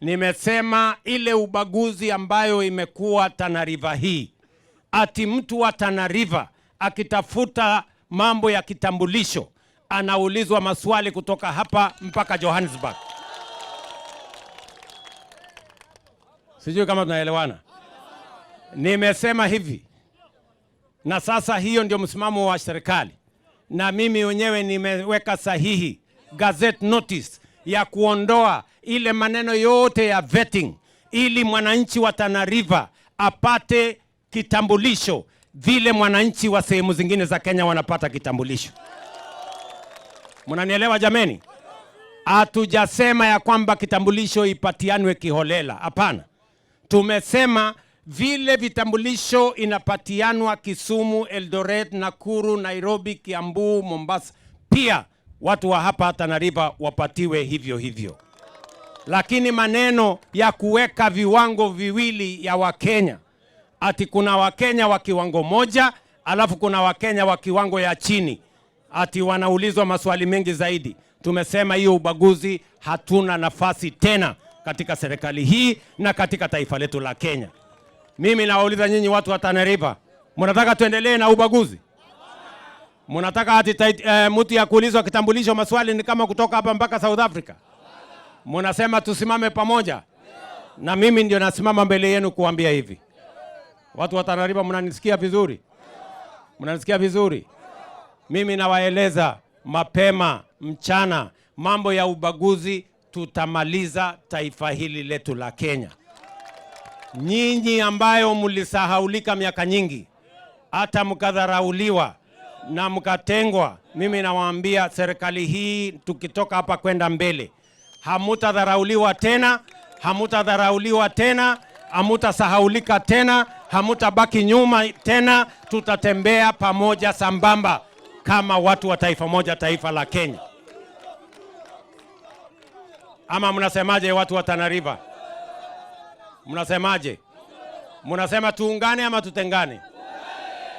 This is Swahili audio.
Nimesema ile ubaguzi ambayo imekuwa Tana River hii, ati mtu wa Tana River akitafuta mambo ya kitambulisho anaulizwa maswali kutoka hapa mpaka Johannesburg. Sijui kama tunaelewana. Nimesema hivi, na sasa hiyo ndio msimamo wa serikali, na mimi mwenyewe nimeweka sahihi gazette notice ya kuondoa ile maneno yote ya vetting, ili mwananchi wa Tana River apate kitambulisho vile mwananchi wa sehemu zingine za Kenya wanapata kitambulisho. Mnanielewa jameni? Hatujasema ya kwamba kitambulisho ipatianwe kiholela, hapana. Tumesema vile vitambulisho inapatianwa Kisumu, Eldoret, Nakuru, Nairobi, Kiambu, Mombasa, pia watu wa hapa Tana River wapatiwe hivyo hivyo lakini maneno ya kuweka viwango viwili ya Wakenya ati kuna Wakenya wa kiwango moja alafu kuna Wakenya wa kiwango ya chini ati wanaulizwa maswali mengi zaidi. Tumesema hiyo ubaguzi, hatuna nafasi tena katika serikali hii na katika taifa letu la Kenya. Mimi nawauliza nyinyi watu wa Tana River, mnataka tuendelee na ubaguzi? Mnataka ati e, mtu ya kuulizwa kitambulisho maswali ni kama kutoka hapa mpaka South Africa? Munasema tusimame pamoja na mimi ndio nasimama mbele yenu kuambia hivi. Watu wa Tana River mnanisikia vizuri? Mnanisikia vizuri? Mimi nawaeleza mapema mchana, mambo ya ubaguzi tutamaliza taifa hili letu la Kenya. Nyinyi ambayo mlisahaulika miaka nyingi, hata mkadharauliwa na mkatengwa, mimi nawaambia serikali hii, tukitoka hapa kwenda mbele hamutadharauliwa tena, hamutadharauliwa tena, hamutasahaulika tena, hamutabaki nyuma tena. Tutatembea pamoja sambamba kama watu wa taifa moja, taifa la Kenya. Ama mnasemaje, watu wa Tana River? Mnasemaje? Mnasema tuungane ama tutengane?